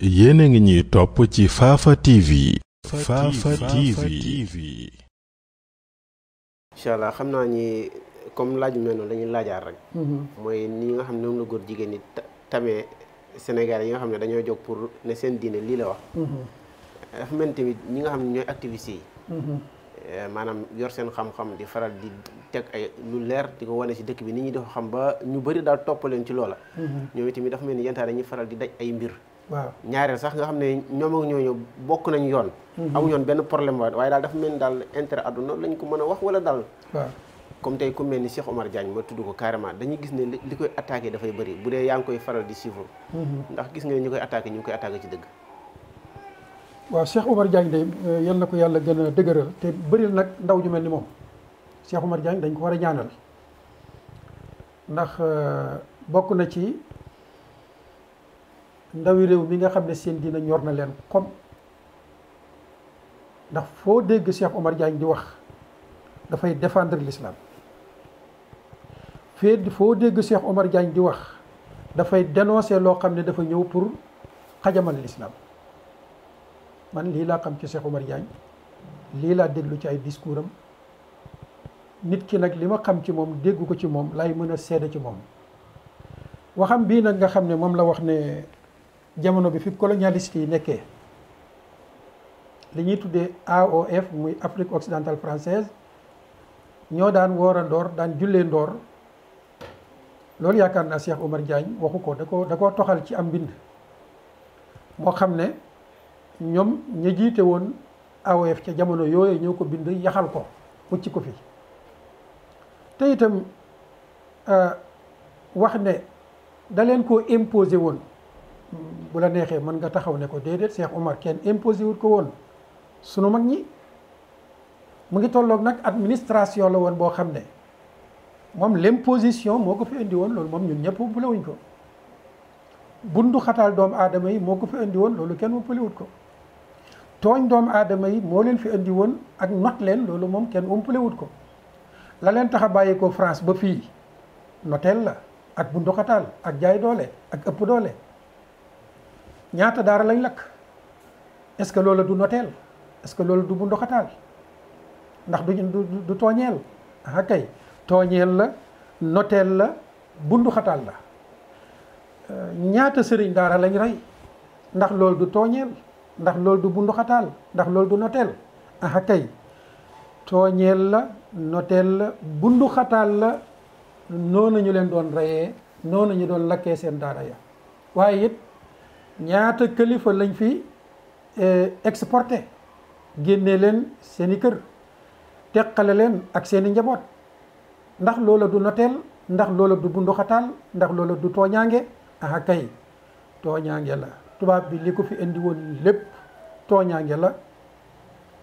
yéen a ngi ñuy topp ci Fafa TV. Fafa TV incha allah xam naa ni comme laaj bi noonu dañuy laajaar rek. Mhm. mooy ni nga xam ne moom la góor jigéen ñi tamee Sénégal yi nga xam ne dañoo jog pour ne seen diine lii la wax. Mhm. dafa mel tamit ñi nga xam ne ñooy activistes yi. Mhm. Eh, maanaam yor seen xam-xam di faral di teg ay lu leer di ko wane ci dëkk bi nit ñi dafa xam ba ñu bari daal toppaleen ci loola. ñoom itamit dafa mel ni yantaa dañuy faral di daj ay mbir. waaw ñaareel sax nga xam ne ñoom ñoo ñooñu bokk nañ yoon. Mhm. amu yoon benn problème waaye daal dafa mel ni daal intérêt àdduna lañ ko mën a wax wala daal. waaw comme tey ku mel ni Cheikh Omar Diagne ko carrément dañu gis ne li koy attaqué dafay bëri bu dee yaa ngi koy faral di suivre. Mhm. ndax gis nga ne ñu koy attaqué ñu ngi koy attaqué ci dëgg. waaw Cheikh Omar Diagne de euh, yal na ko yàlla gën a dëgëral te bëri nag ndaw ju mel ni moom Cheikh Omar Diagne dañ ko war a ñaanal ndax euh, bokk na ci. ndawi réew mi nga xam ne seen diina ñor na leen comme ndax foo dégg Cheikh Omar Diagne di wax dafay défendre l'islam fee foo dégg Cheikh Omar Diagne di wax dafay dénoncer loo xam ne dafa ñëw pour xajamal l'islam man lii laa xam ci Cheikh Omar Diagne lii laa déglu ci ay discours nit ki nag li ma xam ci moom dégg ko ci moom laay mën a seede ci moom waxam bii nag nga xam ne moom la wax ne jamono bi fi colonialiste yi nekkee li ñuy tuddee AOF muy Afrique occidentale française ñoo daan woora ndoor daan jullee ndoor loolu yaakaar naa Cheikh Omar Diagne waxu ko da ko da koo toxal ci am mbind moo xam ne ñoom ña jiite woon AOF ca jamono yooyu ñëw ko bind yaxal ko mucc ko fi te itam euh, wax ne da leen koo imposé woon bu la neexee mën nga taxaw ne ko déedéet Cheikh Omar kenn imposé wut ko woon sunu mag ñi mu ngi tollook nag administration la woon boo xam ne moom l'imposition moo ko fi indi woon loolu moom ñu ñëpp bulewuñ ko bundu xataal doomu aadama yi moo ko fi indi woon loolu kenn umpalewut ko tooñ doomu aadama yi moo leen fi indi woon ak not leen loolu moom kenn umpalewut ko la leen tax a bàyyi ko France ba fii noteel la ak bundu xataal ak jaay doole ak ëpp doole ñaata daara lañ lakk est-ce que loola du noteel est-ce que loola du bu ndax du du tooñeel ah kay tooñeel la noteel la bunduxataal la euh, ñaata sëriñ daara lañ rey ndax loolu du tooñeel ndax loolu du bunduxataal ndax loolu du noteel ah kay tooñeel la noteel la bunduxataal la noonu ñu leen doon reyee noonu ñu doon lakkee seen daara ya waaye it ñaata kilifa lañ fi eh, exporté génnee leen seeni kër teqale leen ak seeni njaboot ndax loola du noteel ndax loola du bunduxataal ndax loola du tooñaange aha tooñaange la tubaab bi li ko fi indi woon lépp tooñaange la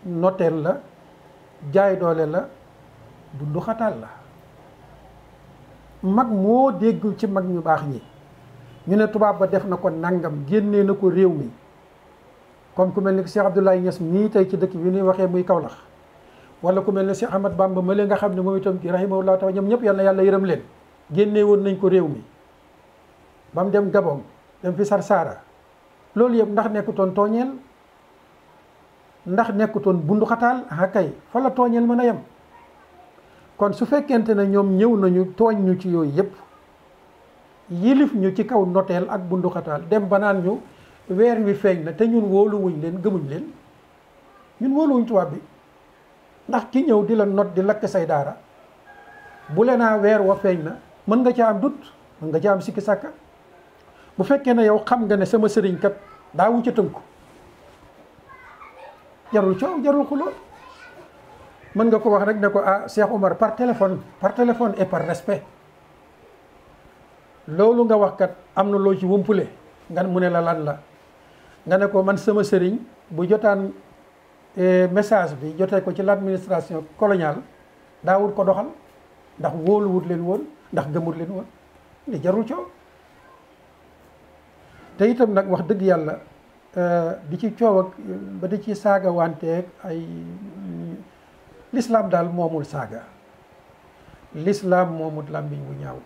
noteel la jaay doole la bunduxataal la mag moo dégg ci mag ñu baax ñi ñu ne tubaab ba def na ko nangam génnee na ko réew mi comme ku mel ni Cheikh Abdoulaye Niass nii tey ci dëkk bi ñuy waxee muy Kaolack wala ku mel ne Cheikh Ahmad Bamba ma nga xam ne moom itam rahimahullah taala ñoom ñëpp yal na yàlla yërëm leen génnee woon nañ ko réew mi ba mu dem Gabon dem fi Sarsara loolu yëpp ndax nekkutoon tooñeel ndax nekkutoon bunduxataal ah kay fa la tooñeel mën a yem kon su fekkente ne ñoom ñëw nañu tooñ ñu ci yooyu yëpp yilif ñu ci kaw noteel ak bunduxataal dem ba naan ñu weer wi feeñ na te ñun wóoluwuñ leen gëmuñ leen ñun wóoluwuñ tubaab bi ndax ki ñëw di la not di lakk say daara bu le naa weer wa feeñ na mën nga ca am dut mën nga ca am sikki sàkka bu fekkee ne yow xam nga ne sama sëriñ kat daa wu ko tënku jarul coow jarul xuloo mën nga ko wax rek ne ko ah Cheikh Omar par téléphone par téléphone et par respect loolu nga wax kat am na loo ci wumpule nga mu ne la lan la nga ne ko man sama sëriñ bu jotaan eh, message bi jotee ko ci l'administration coloniale daawul ko doxal ndax wóoluwut leen woon ndax gëmut leen woon li jarul coow te itam nag wax dëgg yàlla eh, di ci coow ba di ci saaga wanteeg ay l'islam daal moomul saaga lislaam moomul làmmiñ bu ñaaw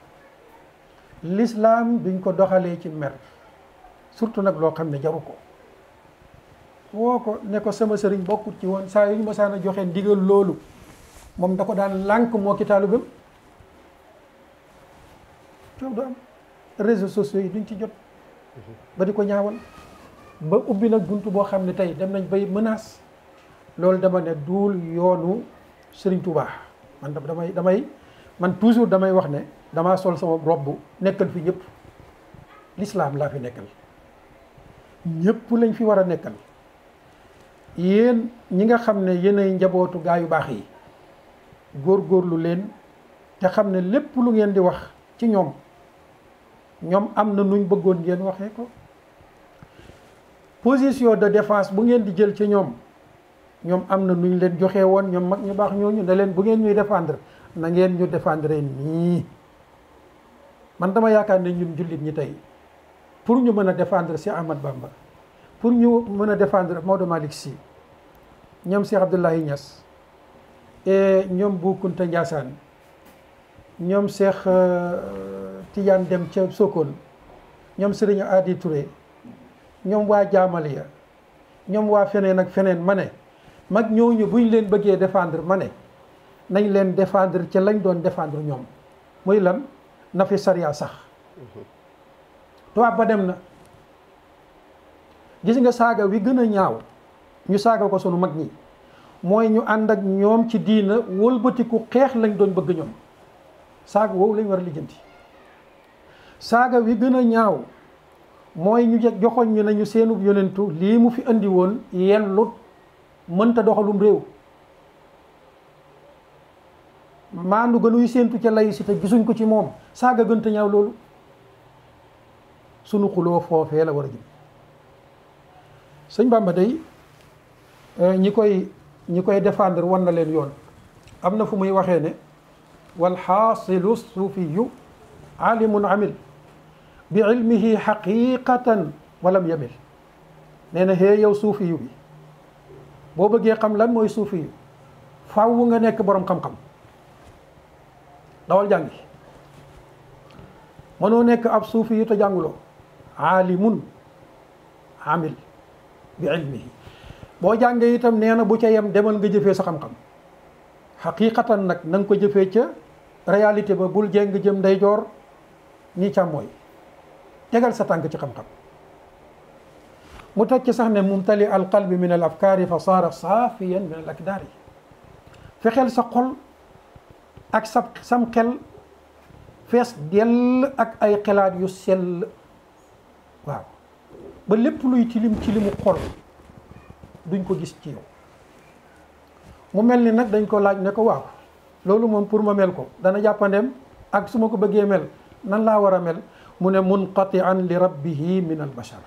l'islam duñ ko doxalee ci mer surtout nag loo xam ne jaru ko woo ko ne ko sama sëriñ bokkut ci woon saa yuñ mosaan a joxe ndigal loolu moom da ko daan lànk moo ki taalibeem coow du am réseaux sociaux yi duñ ci jot ba di ko ñaawal ba ubbi nag bunt boo xam ne tey dem nañ bay menace loolu dama ne duul yoonu Sëriñ Tuubaa man damay damay man toujours damay wax ne damaa sol sama robb nekkal fii ñëpp lislaam laa fi nekkal ñëpp lañ fi war a nekkal yéen ñi nga xam ne yéenay njabootu gaa yu baax yi góor góorlu leen te xam ne lépp lu ngeen di wax ci ñoom ñoom am na nuñ bëggoon ngeen waxee ko position de défense bu ngeen di jël ci ñoom ñoom am na nuñ leen joxe woon ñoom mag ñu baax ñooñu ne leen bu ngeen ñuy défendre na ngeen ñu défendre nii man dama yaakaar ne ñun jullit ñi tey pour ñu mën a défendre Cheikh Ahmad Bamba pour ñu mën a défendre Maodo Malick si ñoom Cheikh Abdoulaye ñas et ñoom Bou Kounta Ndiassane ñoom Cheikh euh, Tidiane Dem ca Sokone ñoom Serigne Adi Touré ñoom waa Jaamali ya ñoom waa feneen ak feneen ma ne mag ñooñu buñ leen bëggee défendre ma ne nañ leen défendre ca lañ doon défendre ñoom na fi sariya sax tubaab ba dem na gis nga saaga wi gën a ñaaw ñu saaga ko sunu mag ñi mooy ñu ànd ak ñoom ci diina wëlbatiku xeex lañ doon bëgg ñoom saaga woowu lañ war a lijjanti saaga wi gën a ñaaw mooy ñu joxoñ ñu nañu seenu yonentu lii mu fi indi woon yellut mënta doxalum réew maa maandu gënuy séentu ca layu si te gisuñ ko ci moom saaga gënta ñaaw loolu sunu xuloo foofee la war a jëm sëñ Bamba day eh, ñi koy ñi koy défendre wan na leen yoon am na fu muy waxee ne walxaasilu suufiyu alimun amil bi ilmihi xaqiqatan walam yamil nee na xee yow suufiyu bi boo bëggee xam lan mooy suufiyu fàww nga nekk boroom xam-xam dawal jàngi mënoo nekk ab suufi yu te jànguloo aalimun amil bi ilmihi boo jàngee itam nee na bu ca yem demal nga jëfee sa xam-xam xaqiqatan nag na ko jëfee ca réalité ba bul jéng jëm ndeyjoor ni càmmooy tegal sa tànk ci xam-xam mu teg ci sax ne mumtali al qalbi min al afkaari fa saara saafiyan min al akdaari sa xol ak sa sam xel fees dell ak ay xelaat yu sell waaw ba lépp luy tilim tilimu xol duñ ko gis ci mu mel ni nag dañ ko laaj ne ko waaw loolu moom pour ma mel ko dana jàppandeem ak su ma ko bëggee mel nan laa war a mel mu ne munqatian li rabbihi min al bashar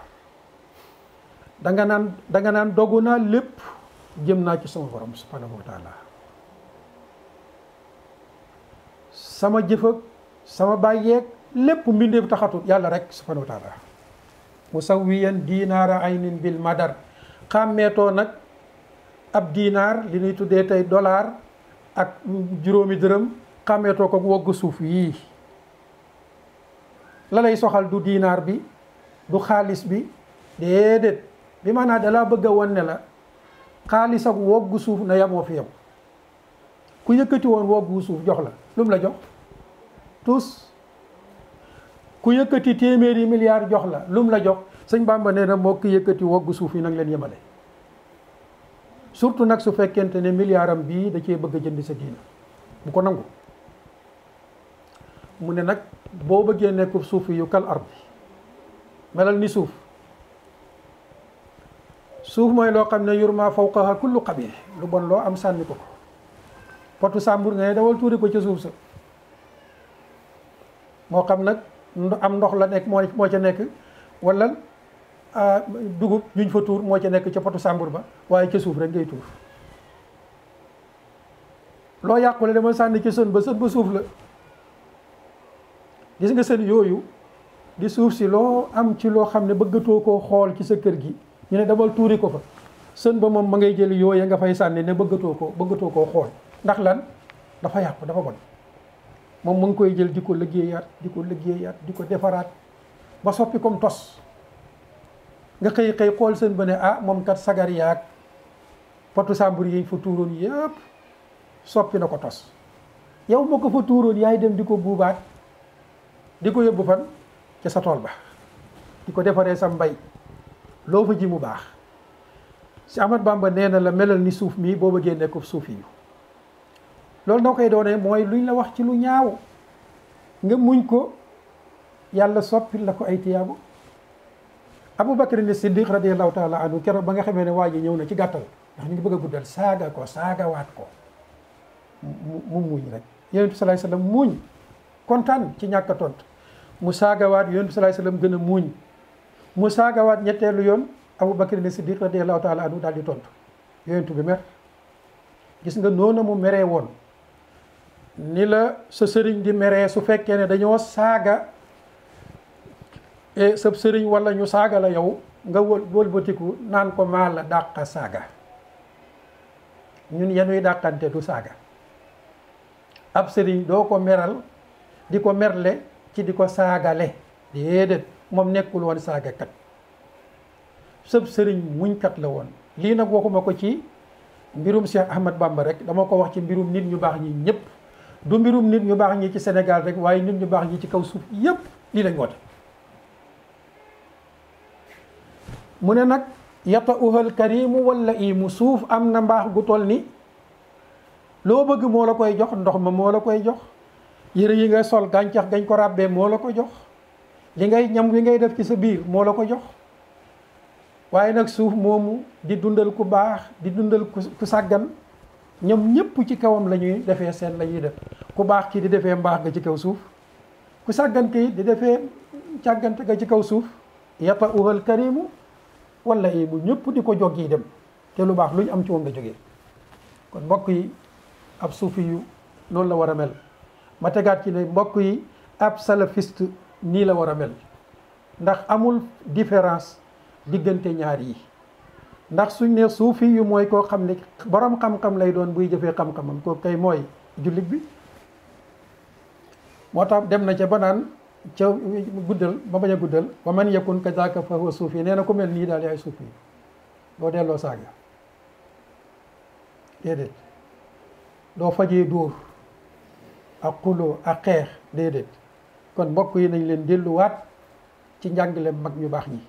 danga naan danga naan dogu naa lépp jëm naa ci sama borom subhanahu wa sama jëf sama bàyyeeg lépp mbindeef taxatul yàlla rek subhanahu wa taala musawiyan diinaara aynin ma dar xàmmeetoo nag ab diinaar li ñuy tuddee tey dollar ak juróomi dërëm xàmmeetoo ko wogg suuf yii lalay soxal du diinaar bi du xaalis bi déedéet bi maanaam dalaa bëgg a won ne la xaalis ak wogg suuf na yamoo fi yow ku yëkkati woon woggu suuf jox la lu la jox tous ku yëkkati téeméeri milliards jox la lu la jox sëñ Bàmba nee na moo ki suuf yi nag leen yemale surtout nag su fekkente ne milliard bii da cee bëgg a jënd sa diina bu ko nangu mu ne nag boo bëggee suuf suufi yu kal ar bi melal ni suuf suuf mooy loo xam ne yurma fawqaha kullu qabih lu bon loo am sànni ko ko potu sàmbur ngay dawal tuuri ko ca suuf sa moo xam nag am ndox la nekk moo moo ca nekk wala ah, dugub juñ fa tuur moo ca nekk ca potu sàmbur ba waaye ca suuf rek ngay tuur loo yàqule dama sànni ca sën ba sën ba suuf la gis nga sën yooyu di suuf si loo am ci loo xam ne bëggatoo ko xool ci sa kër gi ñu ne dawal tuuri ko fa sën ba moom ma ngay jël yooya nga fay sànni ne bëggatoo ko bëggatoo koo xool ndax lan dafa yàqu dafa bon moom mu ngi koy jël di ko liggéeyaat di ko liggéeyaat di ko defaraat ba soppi comme tos nga xëy xëy xool seen ba ne ah moom kat sagar yaag potu sàmbur yi fa tuuroon yëpp soppi na ko tos yow moo ko fa tuuroon yaay dem di ko buubaat di ko yóbbu fan ca sa tool ba di ko defaree sa mbay loo fa ji mu baax si Ahmad Bamba nee na la melal ni suuf mii boo génnee ko suuf yi loolu noo koy doonee mooy luñ la wax ci lu ñaaw nga muñ ko yàlla soppi la ko ay tiyaabu Abu Bakr ni Siddiq radiyallahu taala anhu keroog ba nga xamee ne waa ji ñëw na ci gàttal ndax ñu ngi bëgg a guddal saaga ko saagawaat ko mu muñ rek yonent bi salaay sallam muñ kontaan ci ñàkk tont tontu mu saagawaat yonent bi salaay sallam gën a muñ mu saagawaat ñetteelu yoon Abu Bakr ni Siddiq radiyallahu taala anhu daal di tontu yonent bi mer gis nga noonu meree woon ni la sa sëriñ di meree su fekkee ne dañoo saaga e sëriñ walla ñu saaga la yow nga wël wëlbatiku naan ko maa la dàqa saaga ñun yenuy dàqante du saaga ab sëriñ doo ko meral di ko merle ci di ko saagale déedéet moom nekkul woon saagakat sëriñ sëriñ muñkat la woon lii nag waxuma ko ci mbirum Cheikh Ahmad Bamba rek dama ko wax ci mbirum nit ñu baax ñi ñëpp du mbirum nit ñu baax ñi ci senegal rek waaye nit ñu baax ñi ci kaw suuf yépp lii lañ woote mu ne nag yata uhal karimu wala mu suuf am na mbaax gu toll ni loo bëgg moo la koy jox ndox ma moo la koy jox yére yi ngay sol gàncax gañ ko ràbbee moo la ko jox li ngay ñam wi ngay def ci sa biir moo la ko jox waaye nag suuf moomu di dundal ku baax di dundal ku sàggan ñoom ñëpp ci kawam la ñuy defee seen lañuy ñuy def ku baax kii di defee mbaax nga ci kaw suuf ku sàggante yi di defee càggante nga ci kaw suuf yata uhal karimu wala i bu ñëpp di ko jog yi dem te lu baax luñ am ci moom la jógee kon mbokk yi ab suufi yu noonu la war a mel ma tegaat ci ne mbokk yi ab salafiste nii la war a mel ndax amul différence diggante ñaar yi ndax suñ ne suufi yu mooy koo xam ne boroom xam-xam lay doon buy jëfee xam-xamam kooku kay mooy jullit bi moo tax dem na ca ba naan ca guddal ba bañ a guddal ba man yakun kazaka fa huwa suufi nee na ku mel nii daal yaay suufi doo delloo saaga déedéet doo fajee dóor ak xuloo ak xeex déedéet kon mbokk yi nañ leen delluwaat ci njàngale mag ñu baax ñi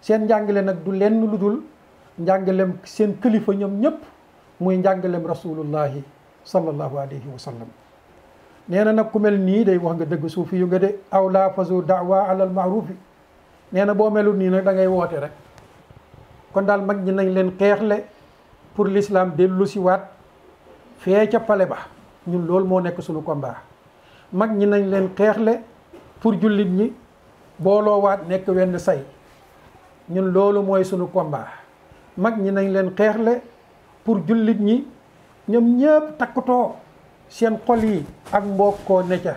seen njàngale nag du leen lu dul njàngalem seen kilifa ñoom ñëpp muy njàngalem rasulullahi sallallahu alayhi wa sallam nee na nag ku mel nii day wax nga dëgg suufi yu nga de aw laa fasu daawa alal maarufi nee na boo melul nii nag da ngay woote rek kon daal mag ñi nañ leen xeexle pour l'islam dellu si waat fee ca pale ba ñun loolu moo nekk suñu combat mag ñi nañ leen xeexle pour jullit ñi booloo waat nekk wenn say ñun loolu mooy sunu combat mag ñi nañ leen xeexle pour jullit ñi ñoom ñëpp takkatoo seen xol yi ak mbokkoo ne ca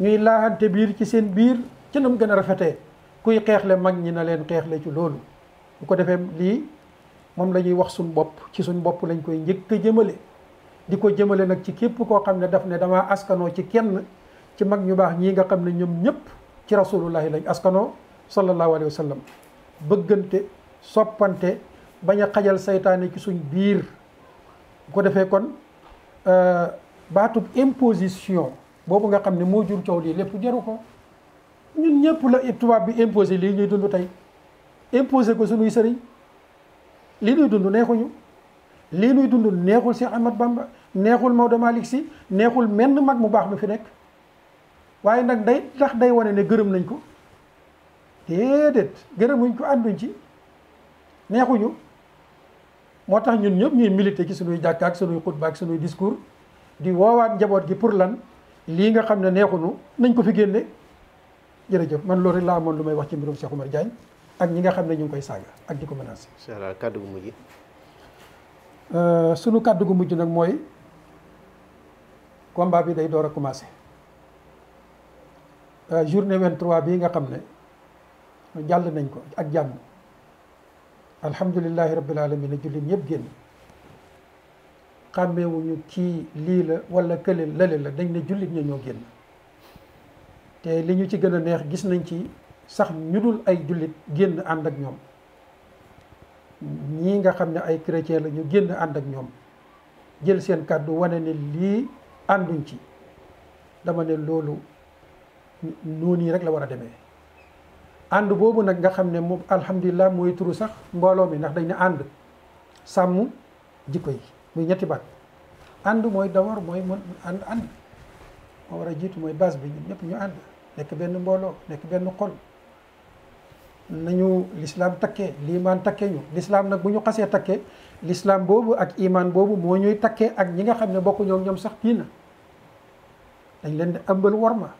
ñuy laaxante biir ci seen biir ci nam gën a rafetee kuy xeexle mag ñi na leen xeexle ci loolu bu ko defee lii moom lañuy wax suñ bopp ci suñ bopp lañ koy njëkk a jëmale di ko jëmale nag ci képp koo xam ne daf ne damaa askanoo ci kenn ci mag ñu baax ñii nga xam ne ñoom ñëpp ci rasulullahi lañ askanoo sallallahu alayhi wa sallam bëggante soppante bañ a xajal seytaane ci suñ biir bu ko defee kon euh, baatub imposition boobu nga xam ne moo jur coow lii lépp jaru ko ñun ñëpp la tubaab bi imposé lii ñuy dund tey imposé ko suñuy sëriñ lii ñuy dund neexuñu lii ñuy dund neexul si Ahmad Bamba neexul Maodo Malick si neexul menn mag mu baax mi fi nekk waaye nag day tax day wane ne gërëm nañ ko déedéet gërëmuñ ko ànduñ ci neexuñu moo tax ñun ñëpp ñuy milité ci suñuy jàkka ak suñuy xutba ak suñuy discours di woowaat njaboot gi pour lan lii nga xam ne neexuñu nañ ko fi génne jërëjëf man loolu rek laa amoon lu may wax ci mbirum Cheikh Oumar Diagne ak ñi nga xam ne ñu ngi koy saaga ak di ko menacé. incha allah kàddu gu mujj. Euh, sunu kàddu gu mujj nag mooy combat bi day door a commencé euh, journée 23 bii nga xam ne jàll nañ ko ak jàmm. alhamdulilahi rabbil alamin a jullit ñépp génn xàmmewuñu kii lii la wala kële lale la dañ ne jullit ña ñoo génn te li ñu ci gën a neex gis nañ ci sax ñu dul ay jullit génn ànd ak ñoom ñii nga xam ne ay chrétien la ñu génn ànd ak ñoom jël seen kàddu wane ne lii ànduñ ci dama ne loolu noonu rek la war a demee ànd boobu nag nga xam ne moom alhamdulilah mooy turu sax mbooloo mi ndax dañ ne ànd sàmm jikko yi muy ñetti baat ànd mooy dawar mooy mën ànd ànd moo war a jiitu mooy base bi ñun ñëpp ñu ànd nekk benn mbooloo nekk benn xol nañu lislaam takkee liimaan takkee ñu lislaam nag bu ñu xasee takkee lislaam boobu ak imaan boobu moo ñuy takkee ak ñi nga xam ne bokku ñoom ñoom sax kii na dañ leen di ëmbal ma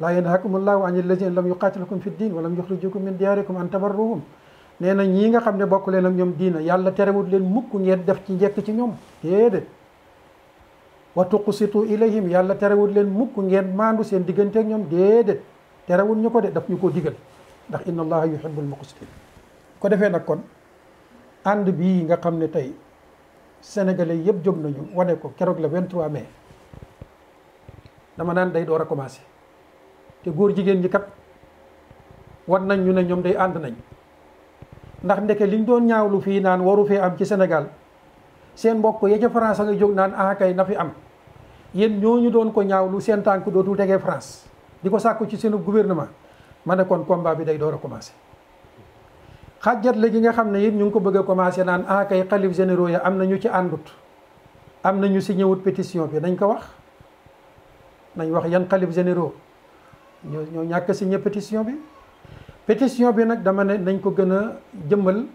laa yanhaakum allahu an allazina lam yuqaatilukum fi ddin wa lam yuxrijukum min diyaarikum an tabarruhum nee na ñii nga xam ne bokk leen ak ñoom diina yàlla terewut leen mukk ngeen def ci njekk ci ñoom déedéet wa tuqsitu ilayhim yàlla terewut leen mukk ngeen maandu seen diggante ak ñoom déedéet terewut ñu ko de def ñu ko digal ndax inna allaha yuhibbul muqsitin ko defee nag kon ànd bii nga xam ne tey sénégalais yëpp jóg nañu wane ko keroog le 23 mai dama naan day door a commencé te góor jigéen ñi kat war nañ ñu ne ñoom day ànd nañ ndax ndeke ñu doon ñaawlu fii naan waru fee am ci Sénégal seen mbokk ya ca France nga jóg naan ah kay na fi am yéen ñu doon ko ñaawlu seen tànk dootul tegee France di ko sàkku ci seenu gouvernement ma ne kon combat bi day door a commencé. xàjjat la gi nga xam ne it ñu ngi ko bëgg a commencé naan ah kay xalif généro ya am na ñu ci àndut am na ñu signé wut pétition bi dañ ko wax nañ wax yan xalif ñoo ñoo ñàkk signé pétition bi pétition bi nag dama ne nañ ko gën a jëmbal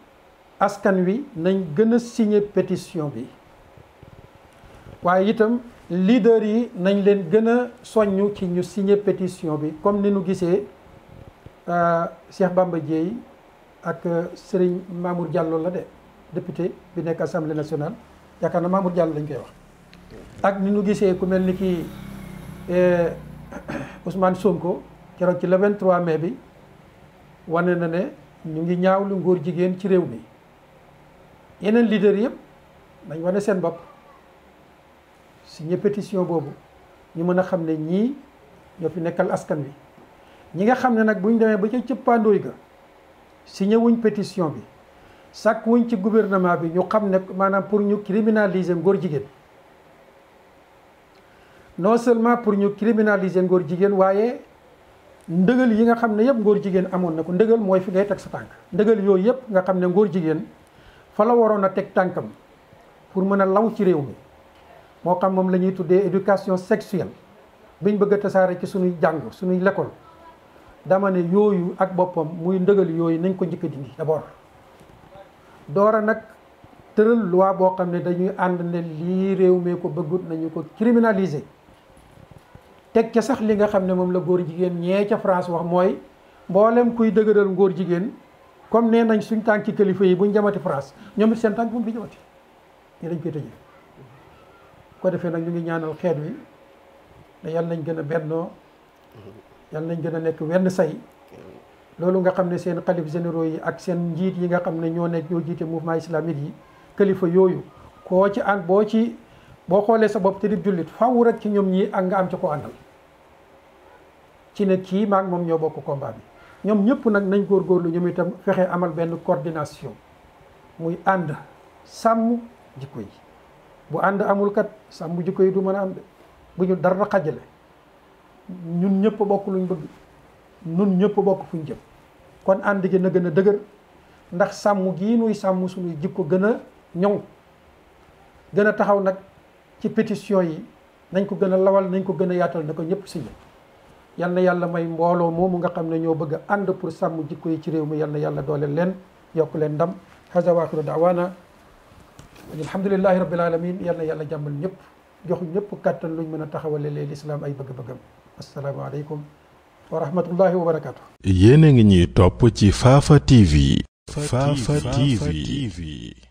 askan wi nañ gën a signé pétition bi waaye itam leader yi nañ leen gën a soññ ci ñu signé pétition bi comme ni nu gisee euh, Cheikh Bamba Dièye ak euh, Serigne Mamour Diallo la de député bi nekk assemblée national yaakaar na Mamour Diallo lañ koy wax ak ni nu gisee ku mel ni kii euh, Ousmane Sonko keroog ci le 23 mais bi wane na ne ñu ngi ñaawlu ngóor jigéen ci réew mi yeneen leader yëpp nañ wane seen bopp signé pétition boobu ñu mën a xam ne ñii ñoo fi nekkal askan wi. ñi nga xam ne nag bu ñu demee ba ca cëppaandooy ga signé wuñ pétition bi sàkk wuñ ci gouvernement bi ñu xam nekk maanaam pour ñu criminaliser ngóor jigéen. non seulement pour ñu criminaliser ngóor jigéen waaye ndëgal yi nga xam ne yëpp ngoor jigéen amoon na ko ndëgal mooy fi ngay teg sa tànk ndëgal yooyu yëpp nga xam ne ngóor jigéen fa la waroon a teg tànkam pour mën a law ci réew mi moo xam moom lañuy ñuy tuddee éducation sexuelle biñ bëgg a tasaare ci suñuy jàng suñuy lekkool dama ne yooyu ak boppam muy ndëgal yooyu nañ ko njëkk a dindi d'abord doora nag tëral loi boo xam ne dañuy ànd ne lii réew mee ko bëggut nañu ko criminaliser teg ca sax li nga xam ne moom la góor jigéen ñee ca France wax mooy mboolem kuy dëgëral ngóor jigéen comme nee nañ suñ tànk ci kilifa yi buñ jamati France ñoom it seen tànk bu mu fi jamati ñu dañ koy ko defee nag ñu ngi ñaanal xeet wi ne nañ gën a bennoo yal nañ gën a nekk wenn say loolu nga xam ne seen xalif généraux yi ak seen njiit yi nga xam ne ñoo nekk ñoo jiite mouvement islamique yi kilifa yooyu koo ci ànd boo ci boo xoolee sa bopp te di jullit faaw rek ci ñoom ñii ak nga am ci ko àndal ci ne kii maag moom ñoo bokk combat bi ñoom ñëpp nag nañ góorgóorlu ñoom itam fexe amal benn coordination muy ànd sàmm jikko yi bu ànd amulkat sàmm jikko yi du mën a am de bu ñu dara xajale ñun ñëpp bokk luñ bëgg ñun ñëpp bokk fuñ jëm kon ànd gi na gën a dëgër ndax sàmm gii nuy sàmm suñuy jikko gën a ñoŋ gën a taxaw nag ci pétition yi nañ ko gën a lawal nañ ko gën a yaatal ne ko ñëpp signé yal na yàlla may mbooloo moomu nga xam ne ñoo bëgg ànd pour sàmm jikko yi ci réew mi yal na yàlla dooleel leen yokk leen ndam hasa waaxiru daawaana alhamdulillahi rabbil alamin yal na yàlla jàmmal ñëpp jox ñëpp kàttan luñ mën a taxawale leen lislaam ay bëgg-bëggam asalaamaaleykum wa rahmatullahi wa barakaatu. yéen a ngi ñuy topp ci Fafa TV. Fafa TV.